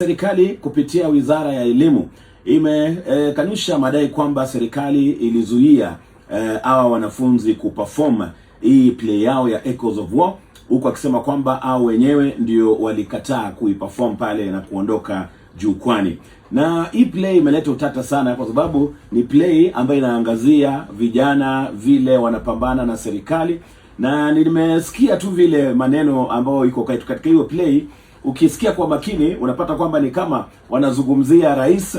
Serikali kupitia Wizara ya Elimu imekanusha e, madai kwamba serikali ilizuia eh, hawa e, wanafunzi kuperform hii play yao ya Echoes of War, huku akisema kwamba hao wenyewe ndio walikataa kuiperform pale na kuondoka jukwani. Na hii play imeleta utata sana, kwa sababu ni play ambayo inaangazia vijana vile wanapambana na serikali, na nimesikia tu vile maneno ambayo iko katika hiyo play ukisikia kwa makini unapata kwamba ni kama wanazungumzia rais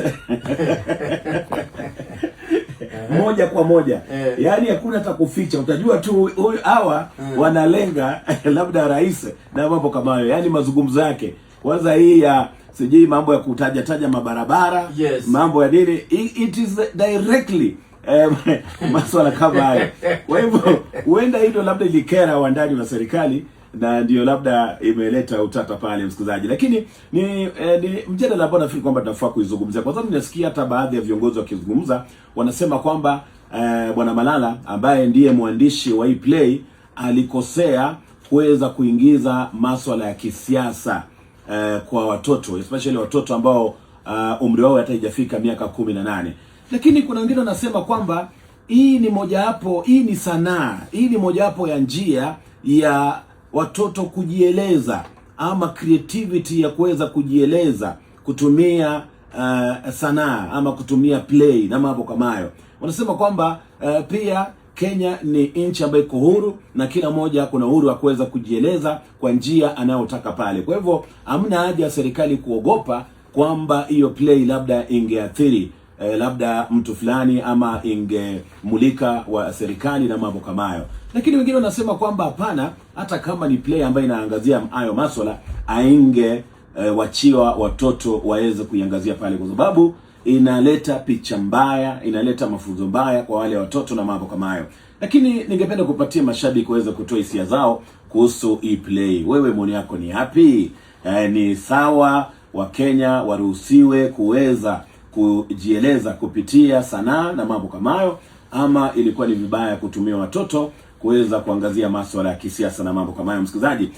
moja kwa moja, eh. yaani hakuna hata kuficha, utajua tu hawa eh. wanalenga labda rais na mambo kama hayo, yaani mazungumzo yake kwanza hii ya sijui mambo ya kutaja taja mabarabara yes. mambo ya nini, it is directly eh, maswala kama hayo. Kwa hivyo huenda hilo labda ilikera wandani wa serikali na ndio labda imeleta utata pale msikilizaji, lakini ni, eh, ni mjadala ambao nafikiri kwamba tunafaa kuizungumzia, kwa sababu nasikia hata baadhi ya viongozi wakizungumza wanasema kwamba eh, bwana Malala ambaye ndiye mwandishi wa hii play alikosea kuweza kuingiza masuala ya kisiasa eh, kwa watoto especially watoto ambao uh, umri wao hata haijafika miaka kumi na nane, lakini kuna wengine wanasema kwamba hii ni mojawapo, hii ni sanaa, hii ni mojawapo ya njia ya watoto kujieleza ama creativity ya kuweza kujieleza kutumia uh, sanaa ama kutumia play na mambo kama hayo. Wanasema kwamba uh, pia Kenya ni nchi ambayo iko huru na kila mmoja kuna uhuru wa kuweza kujieleza kwa njia anayotaka pale. Kwa hivyo hamna haja ya serikali kuogopa kwamba hiyo play labda ingeathiri eh, labda mtu fulani ama ingemulika wa serikali na mambo kama hayo. Lakini wengine wanasema kwamba hapana, hata kama ni play ambayo inaangazia hayo maswala ainge eh, wachiwa watoto waweze kuiangazia pale, kwa sababu inaleta picha mbaya, inaleta mafunzo mbaya kwa wale watoto na mambo kama hayo. Lakini ningependa kupatia mashabiki waweze kutoa hisia zao kuhusu hii play. Wewe maoni yako ni yapi? Eh, ni sawa Wakenya waruhusiwe kuweza kujieleza kupitia sanaa na mambo kama hayo, ama ilikuwa ni vibaya kutumia watoto kuweza kuangazia masuala ya kisiasa na mambo kama hayo, msikilizaji.